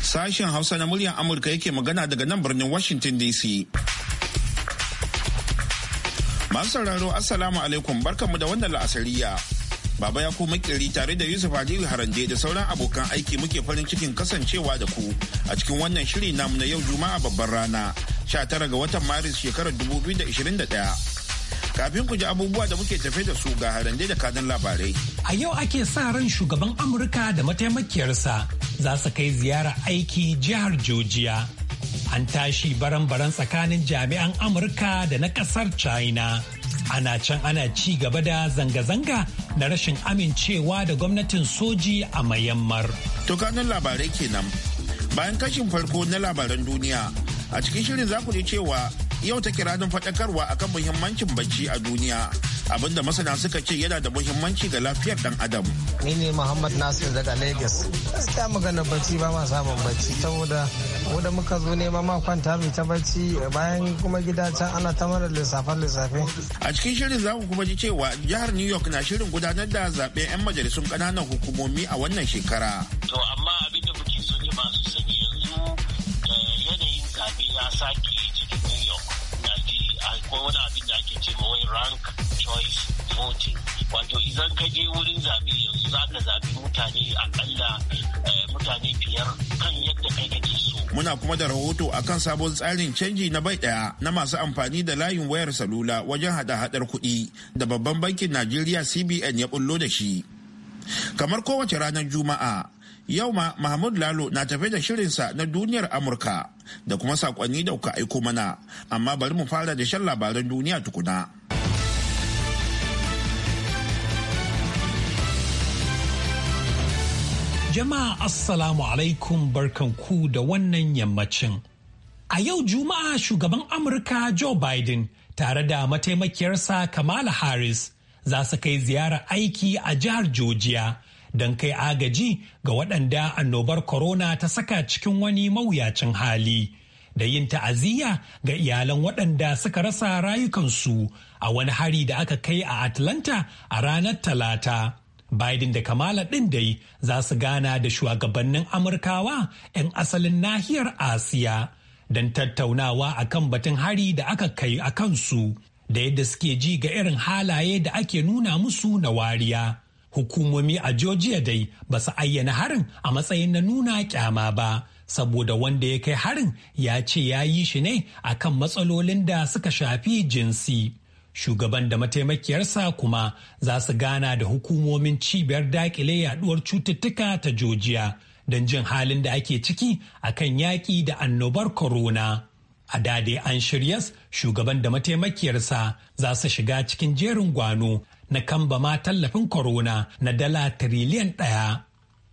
Sashen Hausa na muryar Amurka yake magana daga nan birnin Washington DC. Masu sauraro Assalamu alaikum barkanmu da wannan la'asariya. Baba ya kuma Kiri tare da Yusuf Aliyu Harande da sauran abokan aiki muke farin cikin kasancewa da ku a cikin wannan shiri namu na yau Juma'a babbar rana 19 ga watan Maris shekarar 2021. Kafin ku ji abubuwa da muke tafe da su ga harande da kadan labarai. A yau ake sa ran shugaban Amurka da mataimakiyarsa za su kai ziyara aiki jihar Jojiya. An tashi baran-baran tsakanin jami'an Amurka da na kasar China. Ana can ana ci gaba da zanga-zanga na rashin amincewa da gwamnatin soji a Mayammar. To labarai kenan. Bayan kashin farko na labaran duniya, a cikin shirin za ku ji cewa yau take ranar faɗakarwa akan muhimmancin bacci a duniya abinda masana suka ce yana da muhimmanci ga lafiyar dan adam. Ni ne Muhammad Nasir daga Lagos. Gaskiya magana bacci ba ma samun bacci saboda wanda muka zo nema ma kwanta mai ta bacci bayan kuma gida can ana ta mara lissafen lissafe. A cikin shirin za ku kuma ji cewa jihar New York na shirin gudanar da zaɓen 'yan majalisun ƙananan hukumomi a wannan shekara. To amma abin da muke so masu sani yanzu eh, yanayin zaɓe ya sake akwai wani abin da ake ce wai rank choice voting wato idan ka je wurin zaɓe yanzu za ka zaɓi mutane akalla eh, mutane biyar kan yadda kai kake so. Muna kuma da rahoto a kan sabon tsarin canji na bai ɗaya na masu amfani da layin wayar salula wajen hada-hadar kuɗi da babban bankin Najeriya CBN ya bullo da shi. Kamar kowace ranar Juma'a Yau ma Mahmud Lalo na tafe da shirinsa na duniyar Amurka da kuma sakonni da kuka aiko mana, amma bari mu fara da shan labaran duniya tukuna. Jama'a Assalamu alaikum barkanku da wannan yammacin. A yau Juma'a shugaban Amurka Joe Biden tare da mataimakiyarsa Kamala Harris za su kai ziyara aiki a jihar Georgia don kai agaji ga waɗanda annobar corona ta saka cikin wani mawuyacin hali da yin ta'aziyya ga iyalan waɗanda suka rasa rayukansu a wani hari da aka kai a Atlanta a ranar Talata. Biden da Kamala ɗin dai za su gana da shugabannin Amurkawa 'yan asalin nahiyar Asiya don tattaunawa a kan batun hari da aka kai a kansu da yadda suke ji ga irin halaye da ake nuna musu na wariya. Hukumomi a Georgia dai ba su ayyana harin a matsayin na nuna kyama ba. saboda wanda ya kai harin ya ce ya yi shi ne a kan matsalolin da suka shafi jinsi. Shugaban da mataimakiyarsa kuma za su gana da hukumomin cibiyar dakile yaduwar cututtuka ta Jojiya don jin halin da ake ciki a kan yaƙi da annobar corona. A dade an shiryas shugaban da mataimakiyarsa za su shiga cikin jerin gwano na kambama tallafin korona na dala tiriliyan ɗaya.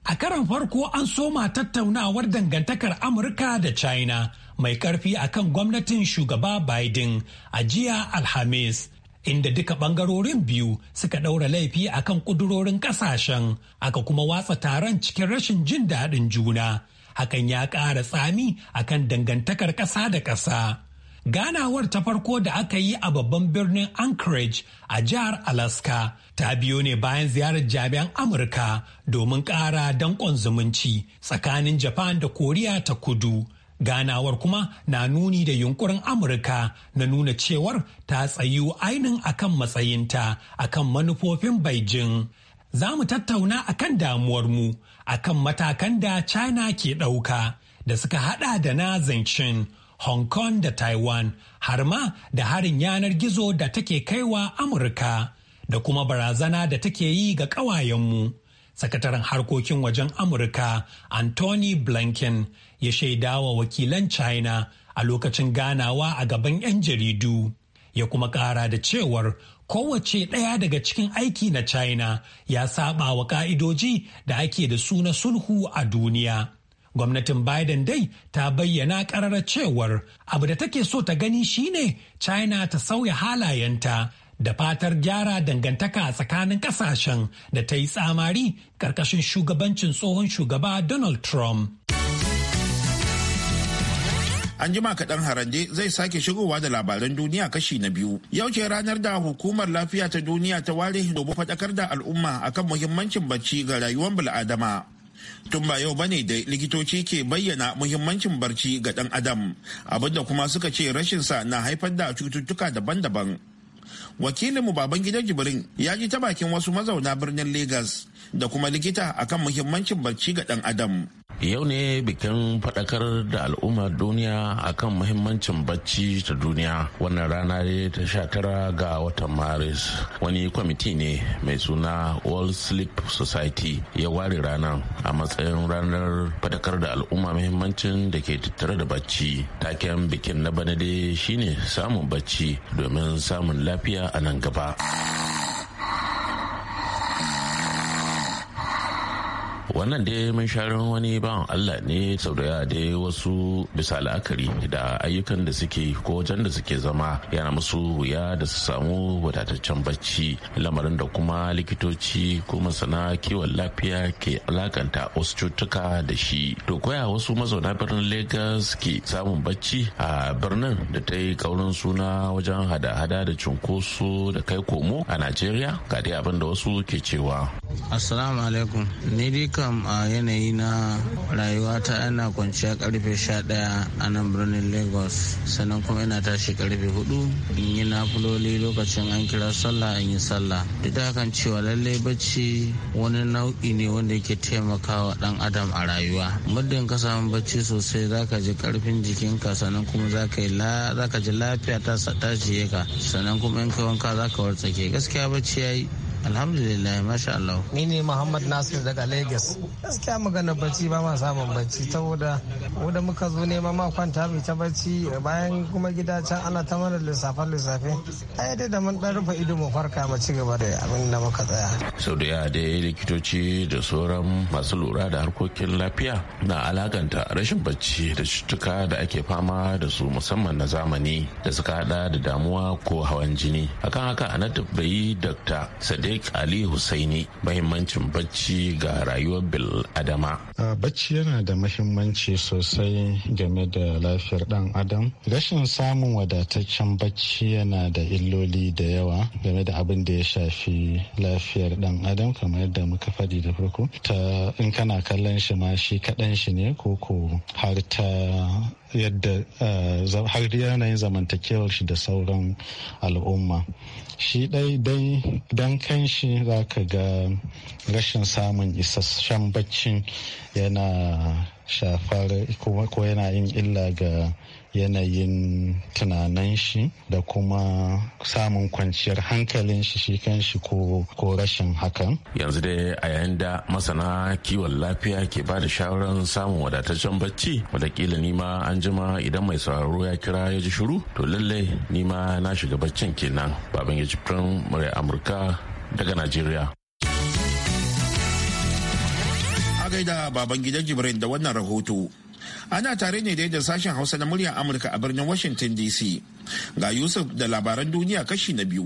A karan farko an soma tattaunawar dangantakar Amurka da China mai karfi kan gwamnatin shugaba Biden a jiya Alhamis. inda duka ɓangarorin biyu suka ɗaura laifi a kan ƙudurorin ƙasashen aka kuma watsa taron cikin rashin jin daɗin juna hakan ya ƙara tsami akan dangantakar ƙasa da ƙasa. ganawar ta farko da aka yi a babban birnin anchorage a jihar alaska ta biyo ne bayan ziyarar jami'an amurka domin ƙara danƙon zumunci tsakanin japan da koriya ta kudu ganawar kuma na nuni da yunkurin amurka na nuna cewar ta tsayu ainin akan matsayinta akan manufofin beijing za mu tattauna akan damuwarmu akan matakan da china ke ɗauka da suka hada da na zancen Hong Kong da Taiwan har ma da harin yanar gizo da take kaiwa Amurka da kuma barazana da take yi ga ƙawayenmu. Sakataren harkokin wajen Amurka Anthony Blinken ya shaidawa wakilan China a lokacin ganawa a gaban 'yan jaridu. Ya kuma ƙara da cewar kowace ɗaya daga cikin aiki na China ya saba wa ƙa'idoji da ake da su na sulhu a duniya. Gwamnatin Biden dai ta bayyana ƙarara cewar abu da take so ta gani shine China ta sauya halayenta da fatar gyara dangantaka tsakanin ƙasashen da ta yi tsamari ƙarƙashin shugabancin tsohon shugaba Donald Trump. an jima kaɗan harande zai sake shigowa da labaran duniya kashi na biyu yau ce ranar da hukumar lafiya ta duniya ta ware domin faɗakar da al'umma akan muhimmancin bacci ga rayuwar bil'adama tun ba yau bane da likitoci ke bayyana muhimmancin barci ga dan adam abinda kuma suka ce rashin sa na haifar da cututtuka daban-daban wakilinmu baban gidan jibrin ya ji ta bakin wasu mazauna birnin legas da kuma likita akan muhimmancin barci ga dan adam Yau ne bikin faɗakar da al'umma duniya akan muhimmancin bacci ta duniya wannan rana ne ta sha tara ga watan Maris. Wani kwamiti ne mai suna World Sleep Society ya ware ranar a matsayin ranar faɗakar da al'umma muhimmancin da ke tattare da bacci. Taken bikin na bana dai shine samun bacci domin samun lafiya a nan gaba. wannan dai mun sharan wani bawan allah ne sau da yawa dai wasu bisa la'akari da ayyukan da suke ko wajen da suke zama yana musu wuya da su samu wadataccen bacci lamarin da kuma likitoci ko masana kiwon lafiya ke alakanta wasu cutuka da shi to koya wasu mazauna birnin lagos ke samun bacci a birnin da ta yi kaurin suna wajen hada-hada da cunkoso da kai komo a najeriya ga dai abin da wasu ke cewa assalamu kam a yanayi na rayuwata ta ana kwanciya karfe 11 a nan birnin lagos sannan kuma ina tashi karfe 4 in yi nafuloli lokacin an kira sallah in yi sallah duk da kan cewa lallai bacci wani nau'i ne wanda yake taimakawa dan adam a rayuwa muddin ka samu bacci sosai zaka ji karfin jikinka sannan kuma zaka yi zaka ji lafiya ta tashi ka sannan kuma in ka wanka zaka wartsake gaskiya bacci yayi alhamdulillah masha Allah ni ne Muhammad Nasir daga Lagos gaskiya magana bacci ba ma samun bacci saboda wanda muka zo nema ma kwanta mu ta bacci bayan kuma gida can ana ta mana lissafe lissafe ai dai da mun ɗan rufe ido mu farka mu ci gaba da abin da muka tsaya sau da yawa dai likitoci da sauran masu lura da harkokin lafiya na alakanta rashin bacci da cutuka da ake fama da su musamman na zamani da suka hada da damuwa ko hawan jini akan haka a na tabbayi dr sadiq Sheikh Ali Husaini mahimmancin bacci ga rayuwar bil adama. Bacci yana da mahimmanci sosai game da lafiyar dan adam. Rashin samun wadataccen bacci yana da illoli da yawa game da abin da ya shafi lafiyar dan adam kamar yadda muka faɗi da farko. Ta in kana kallon shi ma shi kaɗan shi ne ko ko har ta yadda har yanayin zamantakewar shi da sauran al'umma. Shi ɗai dai dan kai kanshi za ka ga rashin samun isasshen bacci yana shafar ko yana yin illa ga yanayin tunanin shi da kuma samun kwanciyar hankalin shi shi shi ko rashin hakan. Yanzu dai a yayin da masana kiwon lafiya ke ba da shawarar samun wadataccen bacci watakila nima an jima idan mai sauraro ya kira ya ji shiru to lallai nima na shiga baccin kenan baban ya murai Amurka daga Najeriya. A gaida baban gidan Jibrin da wannan rahoto. Ana tare ne dai da sashen Hausa na muryar Amurka a birnin Washington DC. Ga Yusuf da labaran duniya kashi na biyu.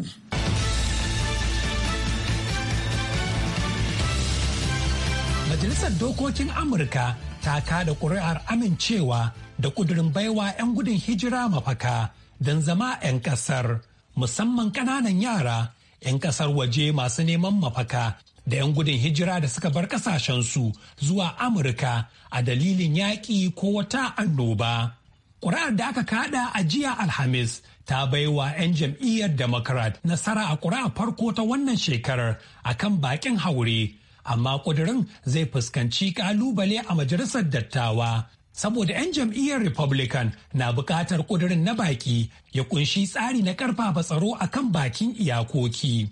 Majalisar Dokokin Amurka ta kada kuri'ar amincewa da kudurin baiwa 'yan gudun hijira mafaka don zama 'yan kasar musamman kananan yara 'yan kasar waje masu neman mafaka da 'yan gudun hijira da suka bar kasashensu zuwa amurka a dalilin yaƙi ko wata annoba ƙuri'ar da aka kaɗa a jiya alhamis ta baiwa 'yan jam'iyyar democrat nasara a ƙuri'ar farko ta wannan shekarar akan bakin haure amma ƙudurin zai fuskanci ƙalubale a majalisar dattawa saboda 'yan jam'iyyar republican na buƙatar ƙudurin na baƙi ya kunshi tsari na ƙarfafa tsaro a kan bakin iyakoki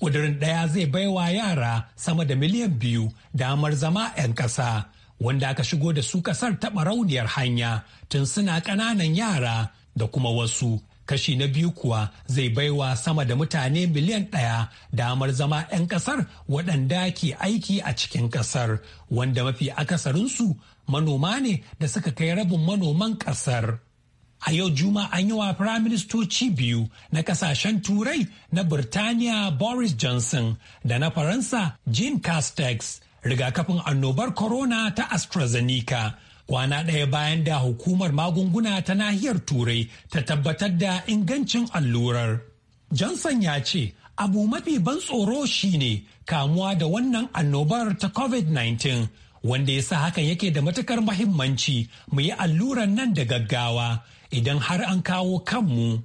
ƙudurin ɗaya zai baiwa yara sama da miliyan biyu damar zama 'yan ƙasa wanda aka shigo da su ƙasar taɓa rauniyar hanya tun suna ƙananan yara da kuma wasu kashi na biyu kuwa zai baiwa sama da mutane miliyan ɗaya damar zama 'yan ƙasar waɗanda ke aiki a cikin ƙasar wanda mafi akasarinsu manoma ne da suka kai rabin manoman ƙasar. A yau juma an yi wa firaministoci biyu na kasashen turai na Birtaniya Boris Johnson da na Faransa Jean Castex rigakafin annobar corona ta AstraZeneca. kwana ɗaya bayan da hukumar magunguna ta nahiyar turai ta tabbatar da ingancin allurar. Johnson ya ce abu mafi ban tsoro shi ne kamuwa da wannan annobar ta COVID-19 wanda ya sa hakan yake da matukar mahimmanci mu yi allurar nan da gaggawa idan har an kawo kanmu.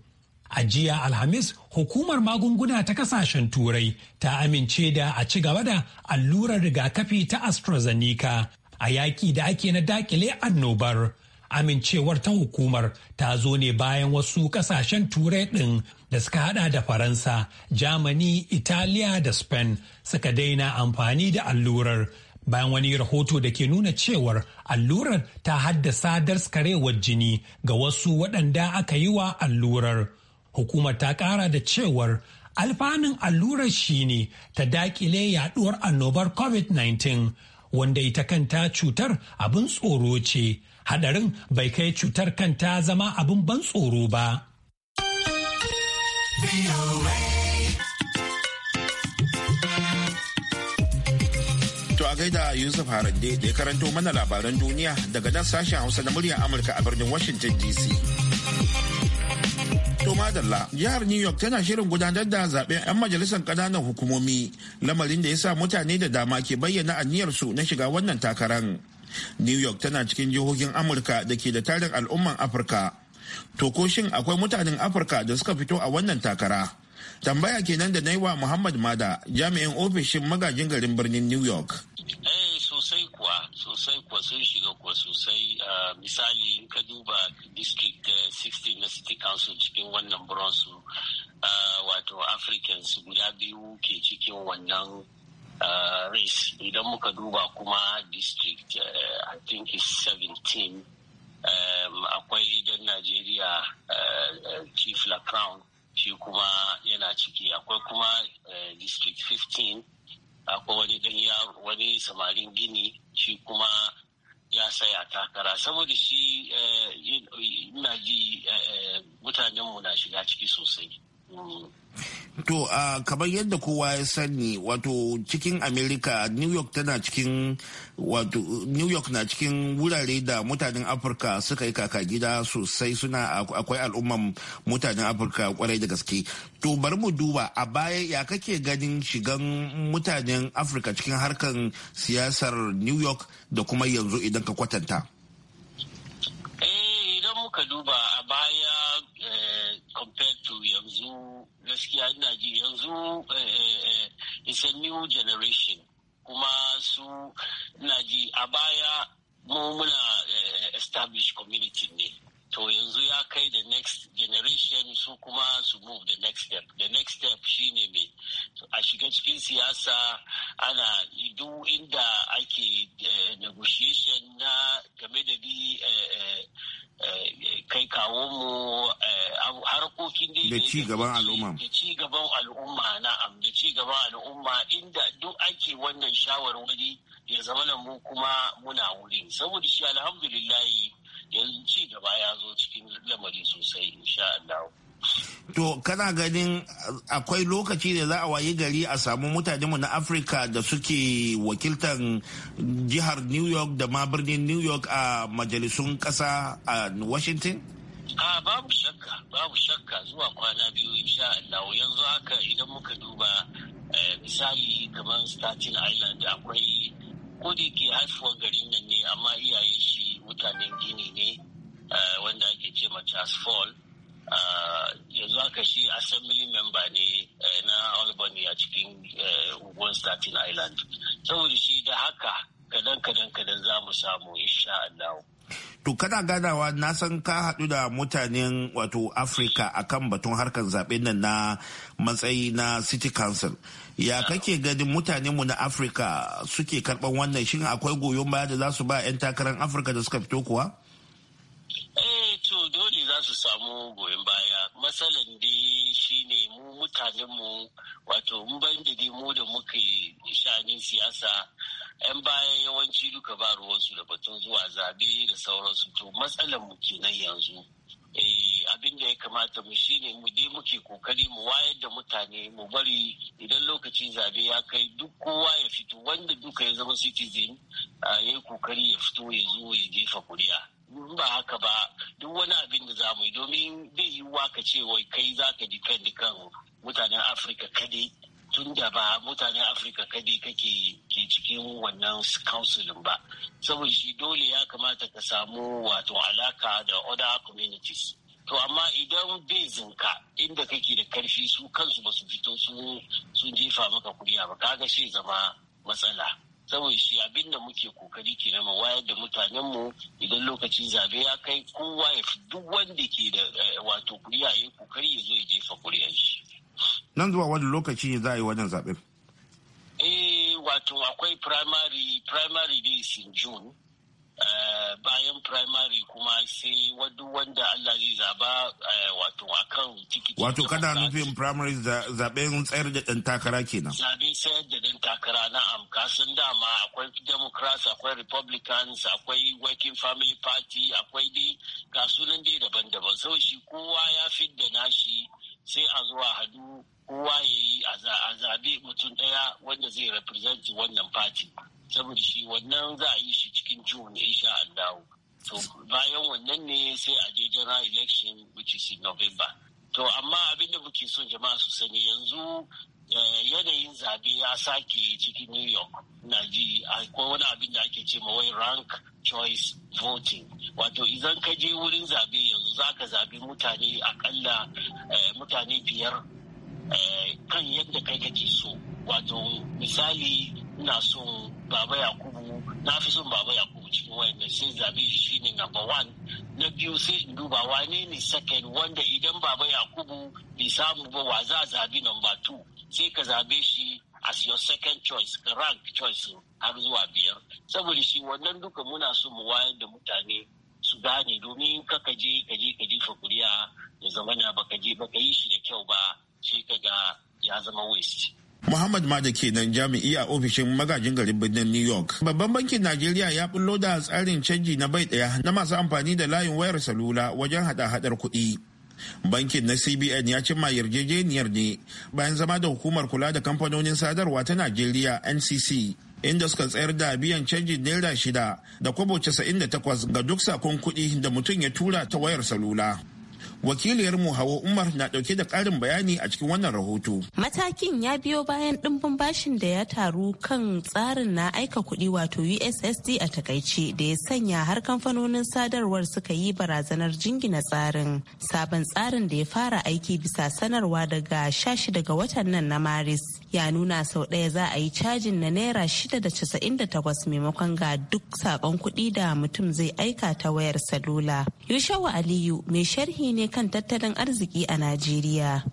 A jiya Alhamis, hukumar magunguna ta kasashen Turai ta amince da a ci gaba da allurar rigakafi ta AstraZeneca a yaƙi da ake na dakile annobar. Amincewar ta hukumar ta zo ne bayan wasu ƙasashen turai ɗin da suka hada da Faransa, Germany, Italiya da Spain suka daina amfani da allurar. Bayan wani rahoto da ke nuna cewar allurar ta haddasa daskarewar jini ga wasu waɗanda aka yi wa allurar. Hukumar ta ƙara da cewar alfanun allurar shine ta daƙile yaɗuwar annobar COVID-19. wanda ita kanta cutar abin tsoro ce hadarin bai kai cutar kanta zama abin ban tsoro ba. To a gaida Yusuf Harande da ya karanto mana labaran duniya daga nan sashen Hausa na muryar Amurka a birnin Washington DC. Dalla, jihar new york tana shirin gudanar da zaben 'yan majalisar ƙananan hukumomi lamarin da ya sa mutane da dama ke bayyana aniyarsu na shiga wannan takarar new york tana cikin jihohin amurka da ke da tarin al'umman afirka to shin akwai mutanen afirka da suka fito a wannan takara tambaya kenan da na yi wa muhammad mada jami'in ofishin magajin garin birnin new york eh, sosai kuwa sun shiga kuwa sosai misali in ka duba district 60 eh, na city council cikin wannan bronze wato africans guda biyu ke cikin wannan race idan muka duba kuma district eh, i think is 17 akwai dan najeriya eh, chief la crown shi kuma yana ciki akwai kuma district 15 akwai wani dan yaro wani samarin gini shi kuma ya saya takara saboda shi eh, ina ji eh, eh, mutanenmu na shiga ciki sosai To, uh, kamar yadda kowa ya sani, wato cikin Amerika, New York tana cikin, wato New York na cikin wurare da mutanen Afirka suka yi kaka gida sosai suna akwai al'umman mutanen Afirka kwarai da gaske. To, bari mu duba a baya ya kake ganin shigan mutanen Afirka cikin harkan siyasar New York da kuma yanzu idan ka kwatanta. Eh, idan muka duba a baya compared to yanzu gaskiya ina ji yanzu eh, eh, eh, it's a new generation kuma su ji a baya mu muna establish community ne to yanzu ya kai the next generation su kuma su move the next step the next step shine mai a shiga cikin siyasa ana idu inda ake da ci gaban al'umma da ci gaban al'umma na'am da ci gaban al'umma inda duk ake wannan shawarwari ya zama nan mu kuma muna wuri saboda shi alhamdulillah yanzu ci gaba ya zo cikin lamari sosai insha Allah To kana ganin akwai lokaci da za a wayi gari a samu mutanenmu na Afirka da suke wakiltan jihar New York da ma birnin New York a majalisun kasa a Washington? A babu shakka, babu shakka zuwa kwana biyu insha Allah yanzu haka idan muka duba eh, misali kamar Staten Island akwai da ke haifuwar garin nan ne amma iyaye shi mutanen gini ne eh, wanda ake ce ma Charles Fall. yanzu haka shi assembly member ne eh, na Albany a cikin unguwar Staten Island. Saboda shi da haka kadan kadan kadan za mu samu insha Allah. To kana ganawa na san ka haɗu da mutanen wato Afirka akan batun harkar zaɓen nan na matsayi na City Council. Ya kake ganin mutanenmu na Afirka suke karɓar wannan shin akwai goyon baya da za su ba 'yan takarar Afirka da suka fito kuwa? Eh to dole za su samu goyon baya. Matsalan dai shi ne mu mutanenmu wato mu ban da mu da muke shanin siyasa 'yan bayan yawanci duka ba ruwansu da batun zuwa zabe da sauransu to matsalar mu kenan yanzu eh, abin da ya kamata mu shine mu dai muke kokari mu wayar da mutane mu bari idan lokacin zabe ya kai duk kowa ya fito wanda duka ya zama citizen ya yi kokari ya fito ya zo ya jefa kuri'a in ba haka ba duk wani abin da za mu yi domin bai yi waka ce wai kai za ka depend kan mutanen afirka kadai tun da ba mutanen afirka kadi kake ke cikin wannan councilin ba saboda shi dole ya kamata ka samu wato alaka da other communities to amma idan zinka inda kake da karfi su kansu ba su fito sun jefa maka kuriya ba kaga shi zama matsala saboda shi abin da muke kokari ke nama wayar da mutanenmu idan lokacin zabe ya kai kowa ya fi duk wanda ke da eh, wato kuriya ya kokari ya zo ya jefa kuriyar shi nan zuwa wani lokaci za a yi wajen zaɓen eh wato akwai primary primary days in june Uh, bayan primary kuma sai wadu wanda Allah zai zaba uh, wato akan tikiti. Wato kana nufin primary zaben tsayar da ɗan takara kenan. Zaben tsayar da dan takara na amka sun dama akwai Democrats, akwai Republicans, akwai Working Family Party, akwai dai ga sunan dai daban-daban. Sau shi kowa ya fi da nashi. represent wannan party saboda shi wannan za a yi shi cikin june insha Allah so bayan wannan ne sai a je general election which is in November to amma abin da muke son jama'a su sani yanzu eh, yanayin zabe ya sake cikin New York na ji akwai wani abin da ake ce wai rank choice voting wato izan ka je wurin zabe yanzu za ka zabi mutane akalla eh, mutane biyar eh, kan yadda kai kake so wato misali ina son baba yakubu na fi son baba yakubu cikin wayannan sai zabi shi ne number one na biyu sai in duba wane ne second wanda idan baba yakubu bai samu ba wa za zabi number two sai ka zabe shi as your second choice rank choice har zuwa biyar saboda shi wannan duka muna so mu wayar da mutane su gane domin je ka je ka jefa kuriya ya zama na baka je baka yi shi da kyau ba sai ka ga ya zama waste Muhammad ma Mada kenan jami'i a ofishin magajin garin birnin New York. Babban bankin Najeriya ya bullo da tsarin canji na bai daya na masu amfani da layin wayar salula wajen hada-hadar kuɗi. Bankin na CBN ya cimma yarjejeniyar ne bayan zama da hukumar kula da kamfanonin sadarwa ta Najeriya NCC inda suka tsayar da biyan canjin naira shida da kwabo 98 ga duk sakon kuɗi da mutum ya tura ta wayar salula. wakiliyar mu hawa umar na dauke da karin bayani a cikin wannan rahoto matakin ya biyo bayan dimbin bashin da ya taru kan tsarin na aika kuɗi wato ussd a takaice da ya sanya har kamfanonin sadarwar suka yi barazanar jingina tsarin sabon tsarin da ya fara aiki bisa sanarwa daga 16 daga watan nan na maris ya nuna sau ɗaya za a yi cajin na naira 698 maimakon ga duk sakon kuɗi da mutum zai aika ta wayar salula Yushawa Aliyu mai sharhi ne kan tattalin arziki a Najeriya.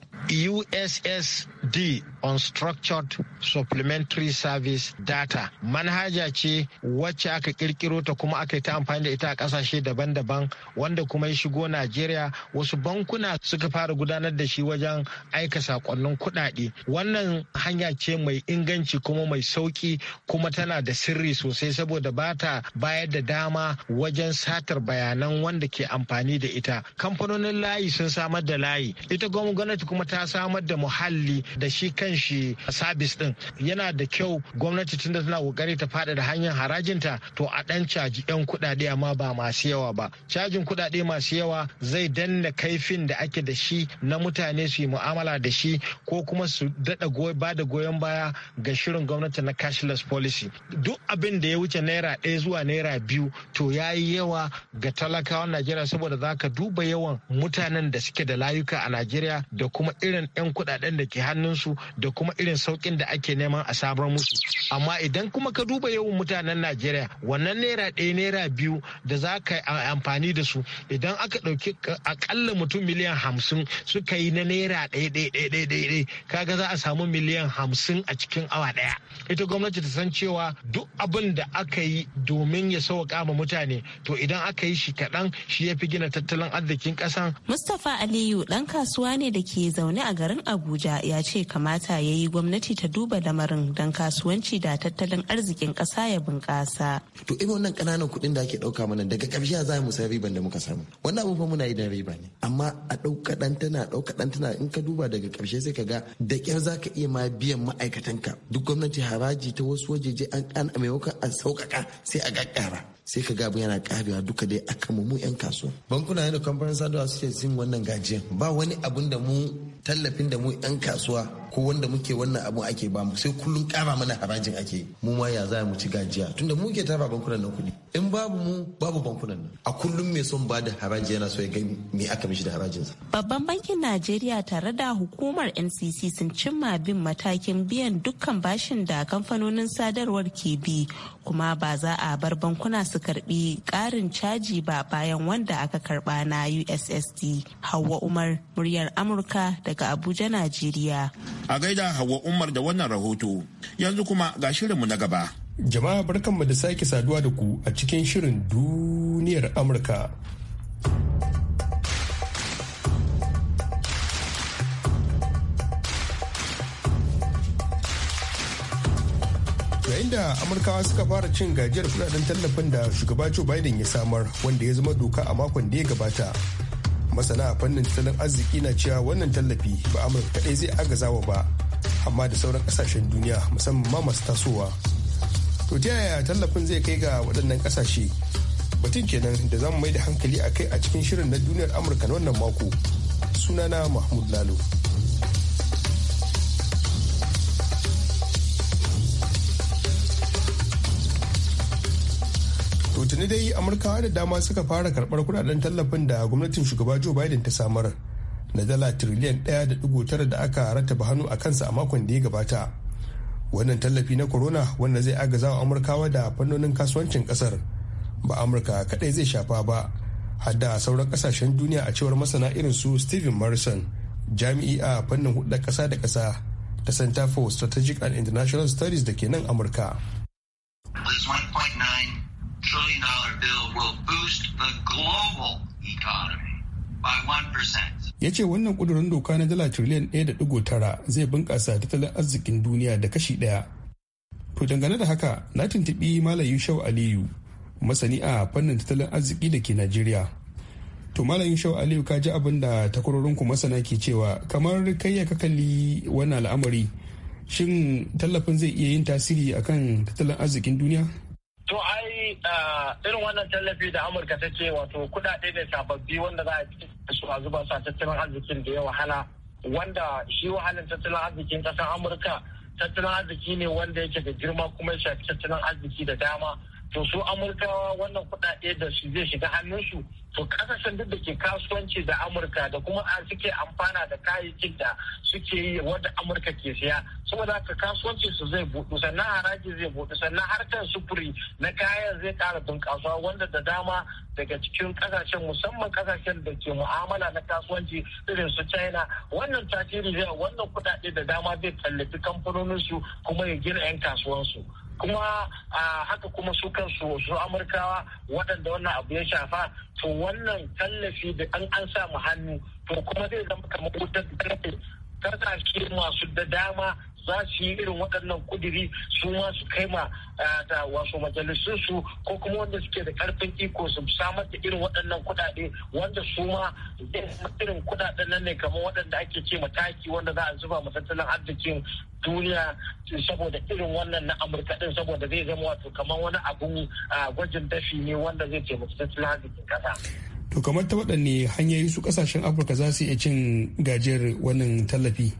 USS D. Unstructured Supplementary Service Data. Manhaja ce wacce aka kirkiro ta kuma aka yi ta amfani da ita a kasashe daban-daban wanda kuma ya shigo Najeriya wasu bankuna suka fara gudanar da shi wajen aika sakonnin kudade Wannan hanya ce mai inganci kuma mai sauki kuma tana da sirri sosai saboda ba ta bayar da dama wajen satar bayanan wanda ke amfani da ita. Kamfanonin layi sun samar da layi. Ita gwamnati kuma ta samar da muhalli da shi kanshi sabis din yana da kyau gwamnati tunda tana kokari ta fada da hanyar harajinta to a dan caji yan kuɗaɗe amma ba masu yawa ba cajin kuɗaɗe masu yawa zai danna kaifin da ake da shi na mutane su yi mu'amala da shi ko kuma su daɗa ba da goyon baya ga shirin gwamnati na cashless policy duk abin da ya wuce naira ɗaya zuwa naira biyu to ya yi yawa ga talakawan najeriya saboda za ka duba yawan mutanen da suke da layuka a najeriya da kuma irin 'yan kuɗaɗen da ke hannu hannunsu da kuma irin saukin da ake neman a sabar musu amma idan kuma ka duba yawan mutanen najeriya wannan naira ɗaya naira biyu da za ka amfani da su idan aka ɗauki akalla mutum miliyan hamsin suka yi na naira ɗaya ɗaya ɗaya kaga za a samu miliyan hamsin a cikin awa ɗaya ita gwamnati ta san cewa duk abin da aka yi domin ya sauƙa ma mutane to idan aka yi shi kaɗan shi ya fi gina tattalin arzikin ƙasa mustapha aliyu ɗan kasuwa ne da ke zaune a garin abuja ya ce ce kamata ya yi gwamnati ta duba lamarin don kasuwanci da tattalin arzikin ƙasa ya bunƙasa. To irin wannan kananan kuɗin da ake ɗauka mana daga ƙarshe za mu san riban da muka samu. Wannan abubuwan muna yi da riba ne. Amma a ɗauka ɗan tana ɗauka ɗan tana in ka duba daga ƙarshe sai ka ga da kyar za ka iya ma biyan ma'aikatanka. Duk gwamnati haraji ta wasu wajeje an ƙana maimakon a sauƙaƙa sai a ƙaƙƙara. sai ka gabu yana karewa duka dai aka mu yan kasuwa bankuna yana kamfanin sadarwa suke zin wannan gajiyan ba wani abun da mu tallafin da mu yan kasuwa ko wanda muke wannan abun ake ba mu sai kullum kara mana harajin ake mu ma ya za mu ci gajiya tunda mu ke tara bankunan nan kuɗi in babu mu babu bankunan nan a kullum mai son ba haraji yana so ya ga me aka mishi da harajin sa babban bankin Najeriya tare da hukumar NCC sun cimma bin matakin biyan dukkan bashin da kamfanonin sadarwar ke bi kuma ba za a bar bankuna su karbi karin caji ba bayan wanda aka karba na USSD Hauwa Umar muryar Amurka daga Abuja Najeriya A gaida Hauwa Umar da wannan rahoto. Yanzu kuma ga shirinmu na gaba. Jama'a barkanmu da sake saduwa da ku a cikin shirin duniyar Amurka. yayin da amurkawa suka fara cin gajiyar kudaden tallafin da shugaba joe biden ya samar wanda ya zama doka a makon da ya gabata masana fannin tattalin arziki na cewa wannan tallafi ba amurka kadai zai agazawa ba amma da sauran kasashen duniya musamman ma masu tasowa to ta yaya tallafin zai kai ga waɗannan kasashe batun kenan da zamu mai da hankali a kai a cikin shirin na duniyar amurka na wannan mako sunana mahmud lalo tuni dai amurkawa da dama suka fara karbar kudaden tallafin da gwamnatin shugaba joe biden ta samar na dala tiriliyan ɗaya da digo tara da aka rattaba hannu a kansa a makon da ya gabata wannan tallafi na corona wanda zai agaza wa amurkawa da fannonin kasuwancin kasar ba amurka kadai zai shafa ba har sauran kasashen duniya a cewar masana irin su steven morrison jami'i a fannin hudu kasa da kasa ta center for strategic and international studies da ke nan amurka trillion bill will boost the global economy by 1%. Ya ce wannan kudurin doka na dala ɗaya da ɗigo tara zai bunƙasa tattalin arzikin duniya da kashi ɗaya. To dangane da haka na tuntuɓi Malam Yushau Aliyu masani a fannin tattalin arziki da ke Najeriya. To Malam Yushau Aliyu ka ji abin da takwarorinku masana ke cewa kamar kai ya kalli wannan al'amari. Shin tallafin zai iya yin tasiri akan tattalin arzikin duniya? to ai irin wannan tallafi da amurka take wato kudade ne sababbi wanda za a su a zuba su a tattalin arzikin da ya wahala wanda shi wahalan tattalin arzikin kasar amurka tattalin arziki ne wanda yake da girma kuma ya shafi tattalin arziki da dama to su amurkawa wannan kudade da su zai shiga hannunsu to kasashen duk da ke kasuwanci da amurka da kuma a suke amfana da kayayyakin da suke yi wanda amurka ke siya saboda haka kasuwanci su zai buɗu sannan haraji zai buɗu sannan harkar sufuri na kayan zai kara bunƙasa wanda da dama daga cikin kasashen musamman kasashen da ke mu'amala na kasuwanci irin su china wannan tasiri zai wannan kudade da dama zai tallafi kamfanoninsu kuma ya gina 'yan kasuwansu kuma haka kuma su kansu su amurkawa waɗanda wannan abu ya shafa to wannan tallafi da an an samu hannu to kuma zai zama kamar wutar ƙarfe kasashe masu da dama za su yi irin waɗannan kudiri su ma su kai ma da wasu majalisun su ko kuma wanda suke da karfin iko su samar da irin waɗannan kuɗaɗe wanda su ma irin kuɗaɗen nan ne kamar waɗanda ake ce ma taki wanda za a zuba ma tattalin arzikin duniya saboda irin wannan na amurka din saboda zai zama wato kamar wani abu gwajin dafi ne wanda zai taimaki tattalin arzikin ƙasa. to kamar ta waɗanne hanyoyi su ƙasashen afirka za su iya cin gajiyar wannan tallafi.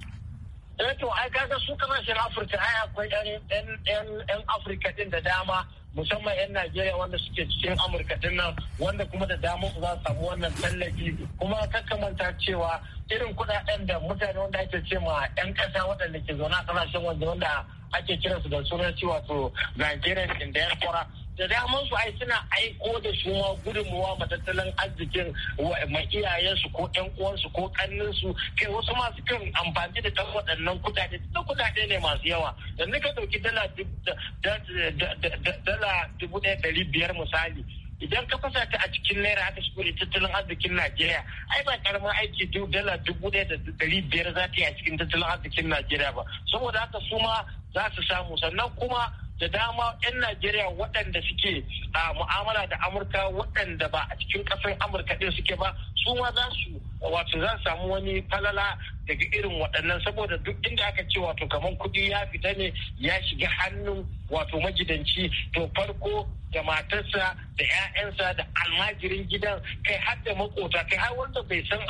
eto eh, to ai kaga su kasashen afirka ai akwai yan afirka din da dama musamman 'yan Najeriya wanda suke cikin Amurka din nan wanda kuma da dama su za su samu wannan tallafi kuma kakkamanta cewa irin kudaden da mutane wanda ake ce ma 'yan kasa waɗanda ke zaune a ƙasashen wanda ake kiransu da sunan cewa to Nigerian diaspora da daman su ai suna aiko da su ma gudunmuwa ma tattalin arzikin ma iyayensu ko yan uwansu ko su kai wasu masu kan amfani da kan waɗannan kudade duk kudade ne masu yawa da nika dauki dala dubu ɗaya ɗari biyar misali idan ka fasa ta a cikin naira aka shigo da tattalin arzikin Najeriya ai ba karamin aiki duk dala dubu ɗaya da ɗari biyar za ta yi a cikin tattalin arzikin Najeriya ba saboda haka su ma za su samu sannan kuma da dama 'yan Najeriya waɗanda suke a ah, mu'amala da Amurka waɗanda ba a cikin ƙasar Amurka ɗin suke ba su ma za su wato za samu wani falala daga irin waɗannan saboda duk inda aka ce wato kamar kuɗi ya fita ne ya shiga hannun wato magidanci to farko da matarsa da 'ya'yansa da almajirin gidan kai har da makota kai har wanda bai san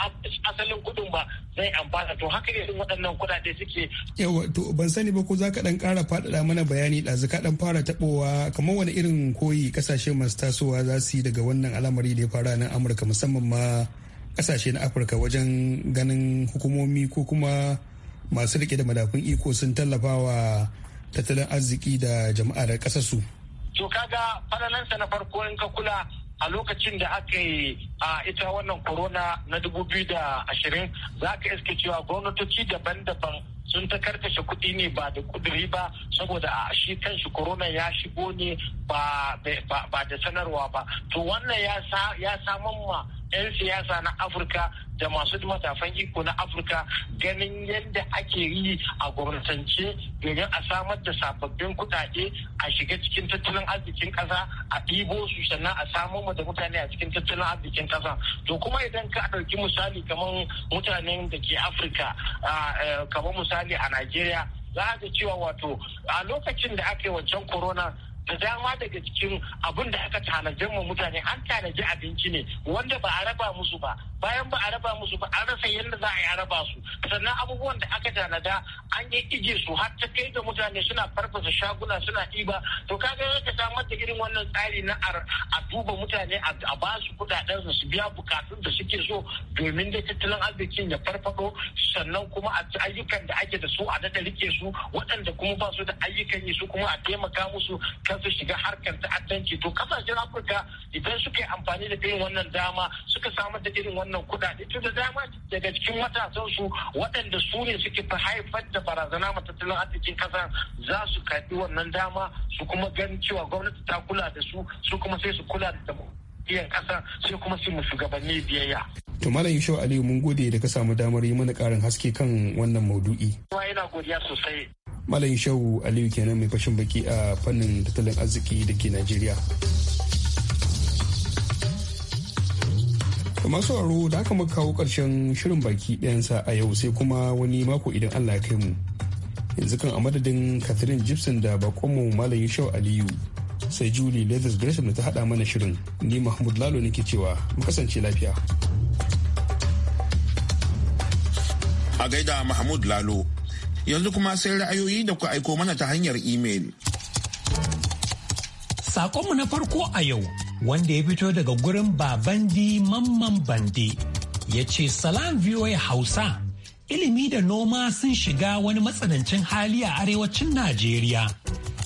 asalin kudin ba zai amfana to haka irin waɗannan kuɗaɗe suke. yawa to ban sani ba ko zaka ka ɗan ƙara faɗaɗa mana bayani ɗazu ka ɗan fara taɓowa kamar wani irin koyi ƙasashe masu tasowa za su yi daga wannan al'amari da ya fara nan amurka musamman ma kasashe na afirka wajen ganin hukumomi ko kuma masu rike da madafun iko sun tallafa wa tattalin arziki da jama'a kasar su. to kaga fadalansa na farko in ka kula a lokacin da aka yi a ita wannan corona na da ashirin za ka iske cewa gwamnatoci daban-daban sun ta karkashe kuɗi ne ba da kuduri ba saboda a shi kanshi corona ya shigo ne ba da sanarwa ba to wannan ya saman ma 'yan siyasa na afirka da masu matafan iko na afirka ganin yadda ake yi a gwamnatance domin a samar da sababbin kuɗaɗe a shiga cikin tattalin arzikin ƙasa a ɗibo su sannan a samar da mutane a cikin tattalin arzikin ƙasa to kuma idan ka ɗauki misali kamar mutanen da ke afirka e, kamar misali a najeriya za a ga cewa wato a lokacin da aka yi wancan corona da dama daga cikin abin da aka tanaje ma mutane an tanaji abinci ne wanda ba a raba musu ba bayan ba a raba musu ba an rasa yadda za a yi a raba su sannan abubuwan da aka tanada an yi ije su har ta kai da mutane suna farfasa shaguna suna ɗiba to kaga ya ka samar da irin wannan tsari na a duba mutane a ba su kudaden su su biya bukatun da suke so domin da tattalin arzikin ya farfado sannan kuma a ayyukan da ake da su a daɗa rike su waɗanda kuma ba su da ayyukan yi su kuma a taimaka musu kan su shiga harkar ta'addanci to kasashen afirka idan suka yi amfani da irin wannan dama suka samar da irin wannan kudade to da dama daga cikin matasan su waɗanda su ne suke fi haifar da barazana ma tattalin arzikin kasa za su karbi wannan dama su kuma ganin cewa gwamnati ta kula da su su kuma sai su kula da iyan kasa sai kuma su mu shugabanni biyayya. To Malam Yusuf Aliyu mun gode da ka samu damar yi mana karin haske kan wannan maudu'i. Kuma yana godiya sosai. Malam Yusuf Aliyu kenan mai fashin baki a fannin tattalin arziki da ke Najeriya. masu sauraro da aka maka kawo ƙarshen shirin baki ɗayansa a yau sai kuma wani mako idan allah ya kai mu yanzu kan a madadin catherine gibson da bakonmu malam yashau aliyu sai julie leathers gresham da ta haɗa mana shirin ni mahmud lalo nake cewa mu kasance lafiya a gaida mahmud lalo yanzu kuma sai ra'ayoyi da ku aiko mana ta hanyar imel. Sakonmu na farko a yau wanda ya fito daga gurin babandi mamman bande ya ce salam VOA Hausa ilimi da noma sun shiga wani matsanancin hali a arewacin Najeriya.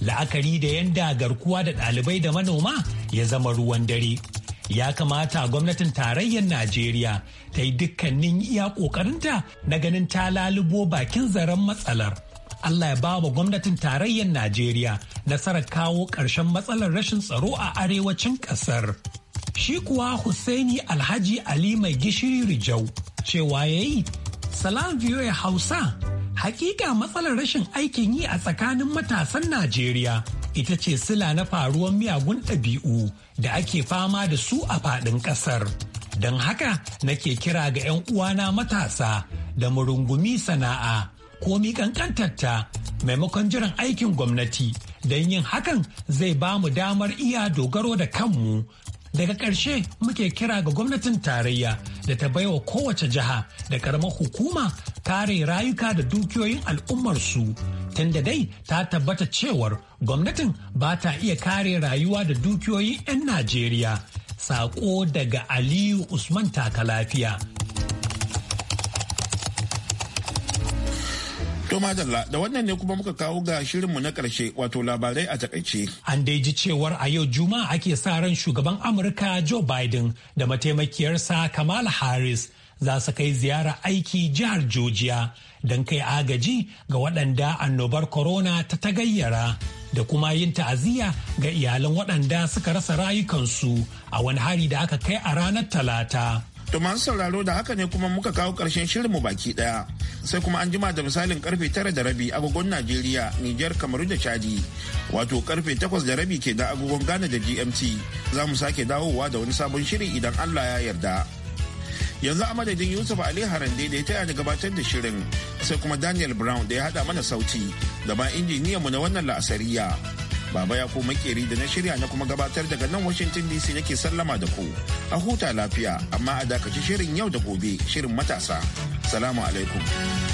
La'akari da yanda garkuwa da ɗalibai da manoma ya zama ruwan dare. Ya kamata gwamnatin tarayyar Najeriya ta yi dukkanin iya ƙoƙarinta na ganin ta lalubo bakin zaren matsalar. Allah ya ba wa gwamnatin tarayyar Najeriya nasarar kawo ƙarshen matsalar rashin tsaro a arewacin ƙasar. Shi kuwa Hussaini Alhaji Ali mai gishiri Rijau cewa ya yi, Salam Hausa, hakika matsalar rashin aikin yi a tsakanin matasan Najeriya ita ce sila na faruwar miyagun ɗabi'u da ake fama da su a faɗin ƙasar. Don haka nake kira ga 'yan uwana matasa da murungumi sana'a komi kankantarta maimakon jiran aikin gwamnati don yin hakan zai ba mu damar iya dogaro da kanmu daga ƙarshe muke kira ga gwamnatin tarayya da ta baiwa kowace jiha da karamar hukuma kare rayuka da dukiyoyin al'ummarsu tunda dai ta tabbata cewar gwamnatin ba ta iya kare rayuwa da dukiyoyin 'yan najeriya saƙo daga aliyu usman taka lafiya To madalla da wannan ne kuma muka kawo ga shirin mu na karshe wato labarai a takaice. An dai ji cewar a yau Juma'a ake sa ran shugaban Amurka Joe Biden da mataimakiyarsa Kamala Harris za su kai ziyara aiki jihar Georgia don kai agaji ga waɗanda annobar corona ta tagayyara da kuma yin ta'aziyya ga iyalan waɗanda suka rasa rayukansu a wani hari da aka kai a ranar Talata. To masu sauraro da haka ne kuma muka kawo ƙarshen shirinmu baki ɗaya. Sai kuma an jima da misalin karfe tara da rabi agogon Najeriya, niger Kamaru da Chadi. Wato karfe takwas da rabi ke da agogon Ghana da GMT. Za mu sake dawowa da wani sabon shiri idan Allah ya yarda. Yanzu a madadin Yusuf Ali Harande da ya taya da gabatar da shirin sai kuma Daniel Brown da ya hada mana sauti da injiniyan injiniyanmu na wannan la'asariya. Baba ya ko makeri da na shirya na kuma gabatar daga nan Washington DC nake sallama da ku. A huta lafiya amma a dakaci shirin yau da gobe shirin matasa. Salamu alaikum.